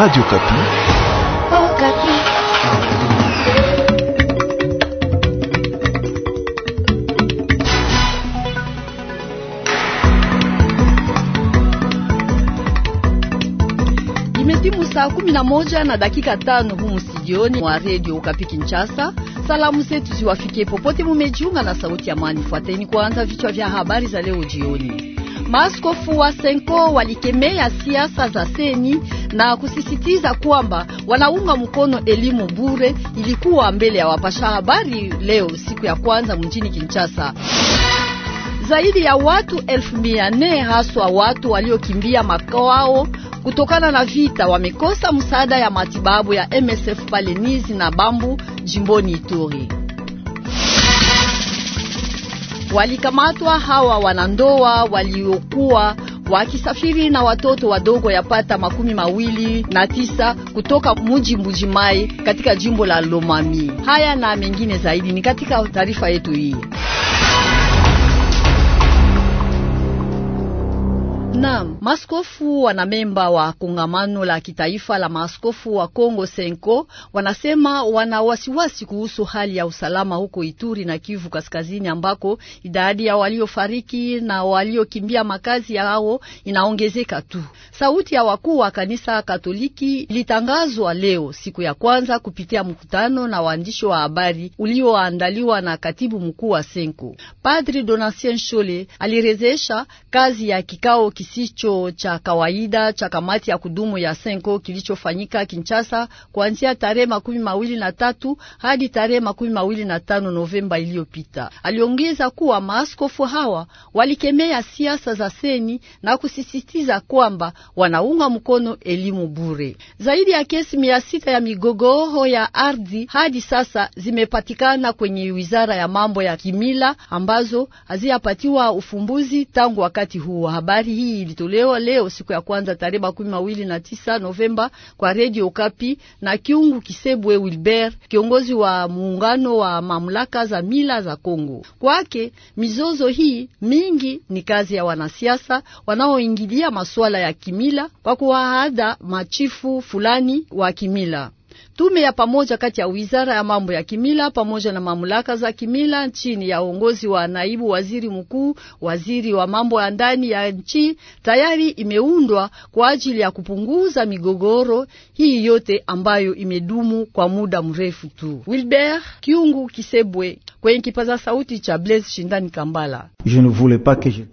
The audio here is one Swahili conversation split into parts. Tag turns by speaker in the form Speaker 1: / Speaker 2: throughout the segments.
Speaker 1: Radio Okapi. Oh,
Speaker 2: Imetimu saa kumi na moja na dakika tano humu studioni mwa Radio Okapi Kinshasa. Salamu zetu ziwafike popote mumejiunga na sauti ya amani. Fuateni kwanza vichwa vya habari za leo jioni. Maaskofu wa Senko walikemea siasa za Seni na kusisitiza kwamba wanaunga mkono elimu bure. Ilikuwa mbele ya wapasha habari leo siku ya kwanza mjini Kinshasa. Zaidi ya watu elfu mia nne haswa watu waliokimbia makwao kutokana na vita wamekosa msaada ya matibabu ya MSF Palenizi na Bambu jimboni Ituri walikamatwa hawa wanandoa waliokuwa wakisafiri na watoto wadogo yapata makumi mawili na tisa kutoka muji Mbujimai katika jimbo la Lomami. Haya na mengine zaidi ni katika taarifa yetu hii. Naam, maskofu wana memba wa kongamano la kitaifa la maskofu wa Kongo Senko wanasema wana wasiwasi kuhusu hali ya usalama huko Ituri na Kivu Kaskazini ambako idadi ya waliofariki na waliokimbia makazi yao inaongezeka tu. Sauti ya wakuu wa kanisa Katoliki litangazwa leo siku ya kwanza kupitia mkutano na waandishi wa habari ulioandaliwa na katibu mkuu wa Senko. Padri Donatien Shole alirezesha kazi ya kikao kisicho cha kawaida cha kamati ya kudumu ya Senko kilichofanyika Kinshasa kuanzia tarehe makumi mawili na tatu hadi tarehe makumi mawili na tano Novemba iliyopita. Aliongeza kuwa maaskofu hawa walikemea siasa za seni na kusisitiza kwamba wanaunga mkono elimu bure. Zaidi ya kesi mia sita ya migogoro ya ardhi hadi sasa zimepatikana kwenye wizara ya mambo ya kimila ambazo haziyapatiwa ufumbuzi tangu wakati huo. Habari hii hii ilitolewa leo siku ya kwanza tarehe makumi mawili na tisa Novemba kwa redio Kapi na Kiungu Kisebwe Wilbert, kiongozi wa muungano wa mamlaka za mila za Kongo. Kwake mizozo hii mingi ni kazi ya wanasiasa wanaoingilia masuala ya kimila kwa kuwaada machifu fulani wa kimila. Tume ya pamoja kati ya wizara ya mambo ya kimila pamoja na mamlaka za kimila chini ya uongozi wa naibu waziri mkuu, waziri wa mambo ya ndani ya nchi tayari imeundwa kwa ajili ya kupunguza migogoro hii yote ambayo imedumu kwa muda mrefu tu. Wilbert Kiungu Kisebwe kwenye kipaza sauti cha Blaise Shindani Kambala.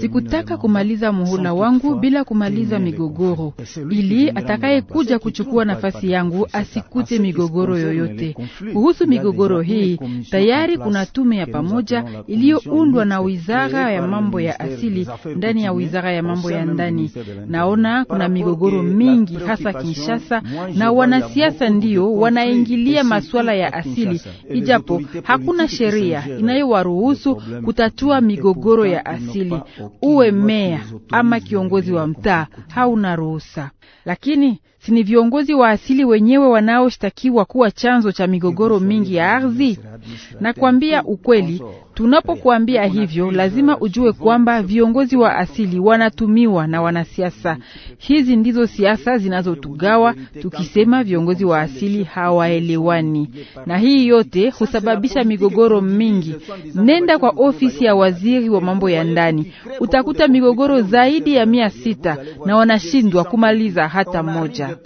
Speaker 3: Sikutaka kumaliza muhula wangu bila kumaliza migogoro, ili atakayekuja kuchukua nafasi yangu asikute ah, migogoro yoyote. Kuhusu migogoro hii, tayari kuna tume ya pamoja iliyoundwa na wizara ya mambo ya asili ndani ya wizara ya mambo ya ndani. Naona kuna migogoro mingi, hasa Kinshasa, na wanasiasa ndio wanaingilia masuala ya asili, ijapo hakuna sheria inayowaruhusu kutatua migogoro ya asili. Uwe meya ama kiongozi wa mtaa, hauna ruhusa, lakini si ni viongozi wa asili wenyewe wanaoshtakiwa kuwa chanzo cha migogoro mingi ya ardhi? Nakwambia ukweli, tunapokuambia hivyo, lazima ujue kwamba viongozi wa asili wanatumiwa na wanasiasa. Hizi ndizo siasa zinazotugawa, tukisema viongozi wa asili hawaelewani, na hii yote husababisha migogoro mingi. Nenda kwa ofisi ya waziri wa mambo ya ndani, utakuta migogoro zaidi ya mia sita na wanashindwa kumaliza hata moja.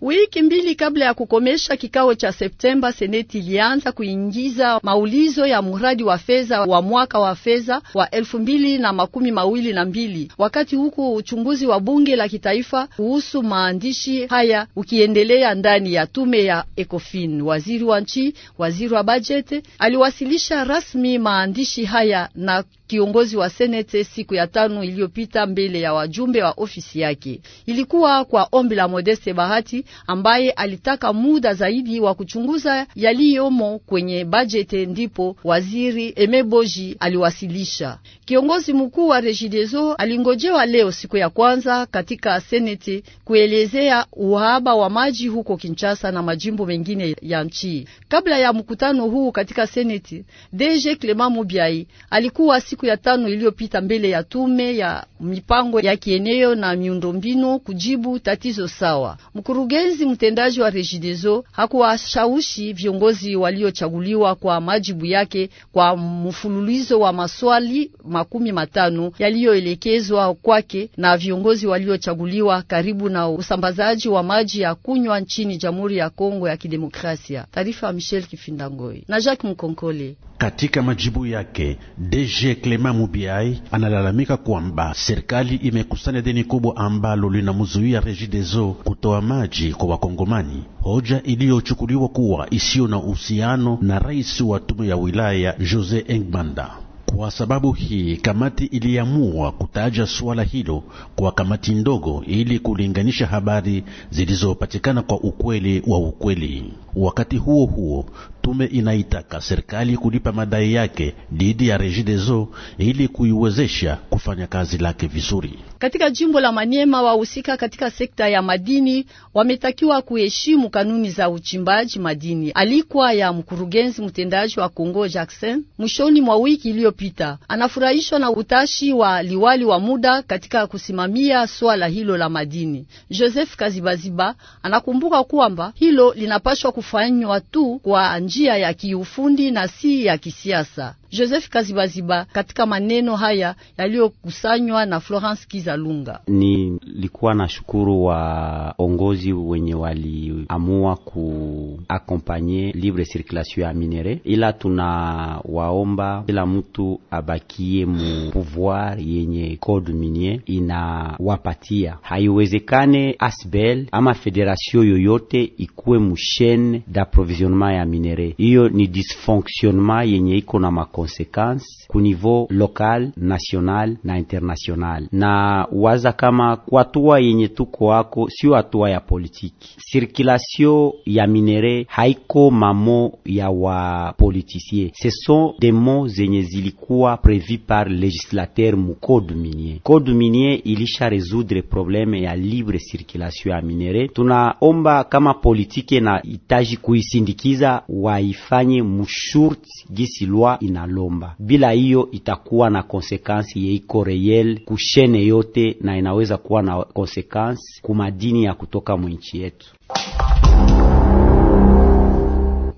Speaker 2: Wiki mbili kabla ya kukomesha kikao cha Septemba Alfabet ilianza kuingiza maulizo ya mradi wa fedha wa mwaka wa fedha wa elfu mbili na makumi mawili na mbili, wakati huku uchunguzi wa bunge la kitaifa kuhusu maandishi haya ukiendelea ndani ya tume ya ECOFIN. Waziri wa nchi, waziri wa bajeti aliwasilisha rasmi maandishi haya na kiongozi wa senete siku ya tano iliyopita mbele ya wajumbe wa ofisi yake. Ilikuwa kwa ombi la Modeste Bahati ambaye alitaka muda zaidi wa kuchunguza ya yaliyomo kwenye bajete, ndipo waziri Emeboji aliwasilisha. Kiongozi mkuu wa Regideso alingojewa leo siku ya kwanza katika seneti kuelezea uhaba wa maji huko Kinshasa na majimbo mengine ya nchi. Kabla ya mkutano huu katika seneti, DG Clement Mubiai alikuwa siku ya tano iliyopita mbele ya tume ya mipango ya kieneo na miundombinu kujibu tatizo sawa. Mkurugenzi mtendaji wa Regideso hakuwashaushi viongozi viongozi waliochaguliwa kwa majibu yake kwa mfululizo wa maswali makumi matano yaliyoelekezwa kwake na viongozi waliochaguliwa karibu na usambazaji wa maji ya kunywa nchini Jamhuri ya Kongo ya Kidemokrasia. Taarifa ya Michel Kifindangoi na Jacques Mkonkole.
Speaker 1: Katika majibu yake DG Clement Mubiai analalamika kwamba serikali imekusanya deni kubwa ambalo linamzuia Regideso kutoa maji kwa Wakongomani, hoja iliyochukuliwa kuwa isiyo na uhusiano na rais wa tume ya wilaya Jose Engbanda. Kwa sababu hii kamati iliamua kutaja suala hilo kwa kamati ndogo ili kulinganisha habari zilizopatikana kwa ukweli wa ukweli. Wakati huo huo, tume inaitaka serikali kulipa madai yake dhidi ya Regideso ili kuiwezesha kufanya kazi lake vizuri.
Speaker 2: Katika jimbo la Maniema, wahusika katika sekta ya madini wametakiwa kuheshimu kanuni za uchimbaji madini. Alikuwa ya mkurugenzi mtendaji wa Kongo Jackson mwishoni mwa wiki iliyo uliopita. Anafurahishwa na utashi wa liwali wa muda katika kusimamia swala hilo la madini. Joseph Kazibaziba anakumbuka kwamba hilo linapashwa kufanywa tu kwa njia ya kiufundi na si ya kisiasa. Joseph Kazibaziba katika maneno haya yaliyokusanywa na Florence Kizalunga.
Speaker 4: Nilikuwa na shukuru waongozi wenye waliamua kuakompanye libre circulation ya minere, ila tunawaomba kila mtu abakie mu pouvoir yenye code minier inawapatia. Haiwezekane asbel ama federation yoyote ikuwe mushene d'approvisionnement ya minere, hiyo ni dysfonctionnement yenye iko na conséquences ku niveau local, national na international, na waza kama kwa yenye tuko ako sio hatua ya politiki. Circulation ya minere haiko mamo ya wa politisie, ce sont des mots zenye zilikuwa prevu par législateur mu code minier. Code minier ilisha résoudre probleme ya libre circulation ya minere. Tunaomba kama politike na itaji kuisindikiza waifanye mushurti gisi lwa ina analomba. Bila hiyo itakuwa na konsekansi yeiko reyel kushene yote, na inaweza kuwa na konsekansi kumadini ya kutoka mwinchi yetu.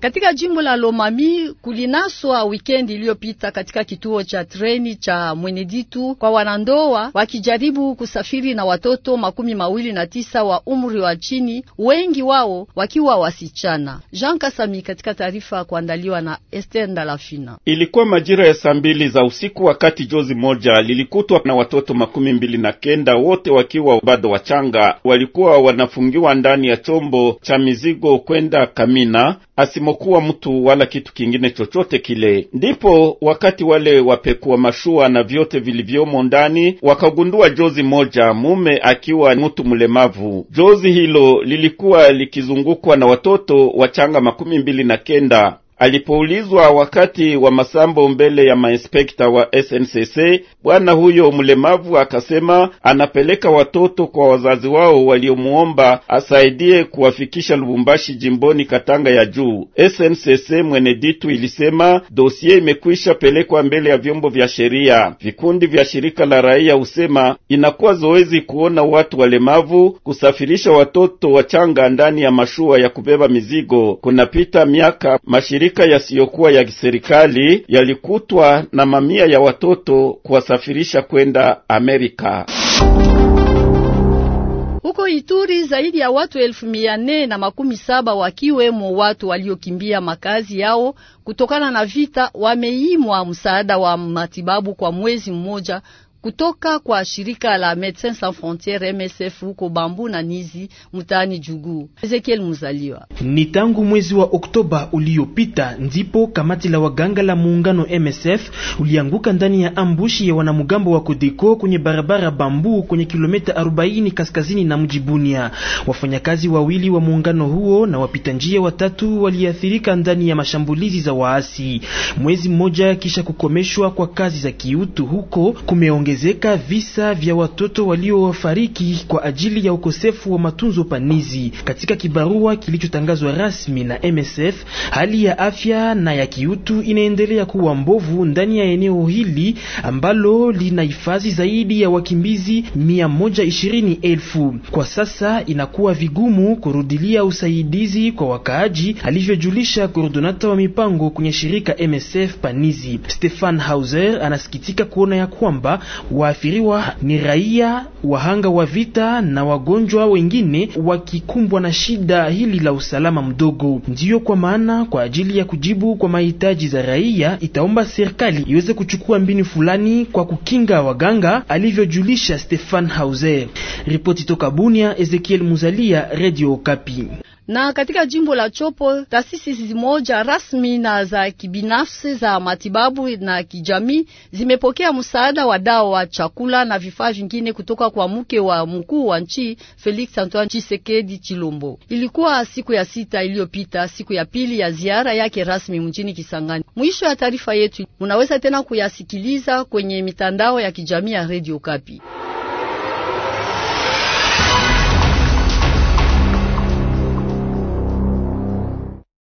Speaker 2: Katika jimbo la Lomami kulinaswa wikendi iliyopita katika kituo cha treni cha Mweneditu kwa wanandoa wakijaribu kusafiri na watoto makumi mawili na tisa wa umri wa chini, wengi wao wakiwa wasichana. Jean Kasami katika taarifa kuandaliwa na Esther Ndalafina.
Speaker 5: Ilikuwa majira ya saa mbili za usiku wakati jozi moja lilikutwa na watoto makumi mbili na kenda wote wakiwa bado wachanga, walikuwa wanafungiwa ndani ya chombo cha mizigo kwenda Kamina asimokuwa mtu wala kitu kingine chochote kile. Ndipo wakati wale wapekuwa mashua na vyote vilivyomo ndani wakagundua jozi moja, mume akiwa mtu mlemavu. Jozi hilo lilikuwa likizungukwa na watoto wachanga makumi mbili na kenda. Alipoulizwa wakati wa masambo mbele ya mainspekta wa SNCC, bwana huyo mlemavu akasema anapeleka watoto kwa wazazi wao waliomuomba asaidie kuwafikisha Lubumbashi, jimboni Katanga ya juu. SNCC Mweneditu ilisema dosie imekwisha pelekwa mbele ya vyombo vya sheria. Vikundi vya shirika la raia husema inakuwa zoezi kuona watu walemavu kusafirisha watoto wachanga ndani ya mashua ya kubeba mizigo. Kunapita miaka mashirika mashirika yasiyokuwa ya kiserikali yalikutwa na mamia ya watoto kuwasafirisha kwenda Amerika.
Speaker 2: Huko Ituri zaidi ya watu elfu mia nne na makumi saba wakiwemo watu waliokimbia makazi yao kutokana na vita wameimwa msaada wa matibabu kwa mwezi mmoja kutoka kwa shirika la Medecins Sans Frontieres MSF huko Bambu na Nizi mtaani Jugu. Ezekiel Muzaliwa.
Speaker 1: Ni tangu mwezi wa Oktoba uliopita ndipo kamati la waganga la muungano MSF ulianguka ndani ya ambushi ya wanamgambo wa Kodeko kwenye barabara Bambu kwenye kilomita 40 kaskazini na mji Bunia. Wafanyakazi wawili wa muungano huo na wapita njia watatu waliathirika ndani ya mashambulizi za waasi. Mwezi mmoja kisha kukomeshwa kwa kazi za kiutu huko kumeonge kuongezeka visa vya watoto waliofariki kwa ajili ya ukosefu wa matunzo panizi. Katika kibarua kilichotangazwa rasmi na MSF, hali ya afya na ya kiutu inaendelea kuwa mbovu ndani ya eneo hili ambalo lina hifadhi zaidi ya wakimbizi mia elfu. Kwa sasa inakuwa vigumu kurudilia usaidizi kwa wakaaji, alivyojulisha koordonata wa mipango kwenye shirika MSF panizi Stefan Hauser. Anasikitika kuona ya kwamba Waathiriwa ni raia, wahanga wa vita na wagonjwa wengine wakikumbwa na shida hili la usalama mdogo. Ndiyo kwa maana kwa ajili ya kujibu kwa mahitaji za raia itaomba serikali iweze kuchukua mbinu fulani kwa kukinga waganga, alivyojulisha Stefan Hauser. Ripoti toka Bunia, Ezekiel Muzalia, Radio Okapi.
Speaker 2: Na katika jimbo la Chopo, taasisi zimoja rasmi na za kibinafsi za matibabu na kijamii zimepokea msaada wa dawa, chakula na vifaa vingine kutoka kwa mke wa mkuu wa nchi Felix Antoine chisekedi Chilombo. Ilikuwa siku ya sita iliyopita, siku ya pili ya ziara yake rasmi mjini Kisangani. Mwisho ya taarifa yetu, munaweza tena kuyasikiliza kwenye mitandao ya kijamii ya Radio Kapi.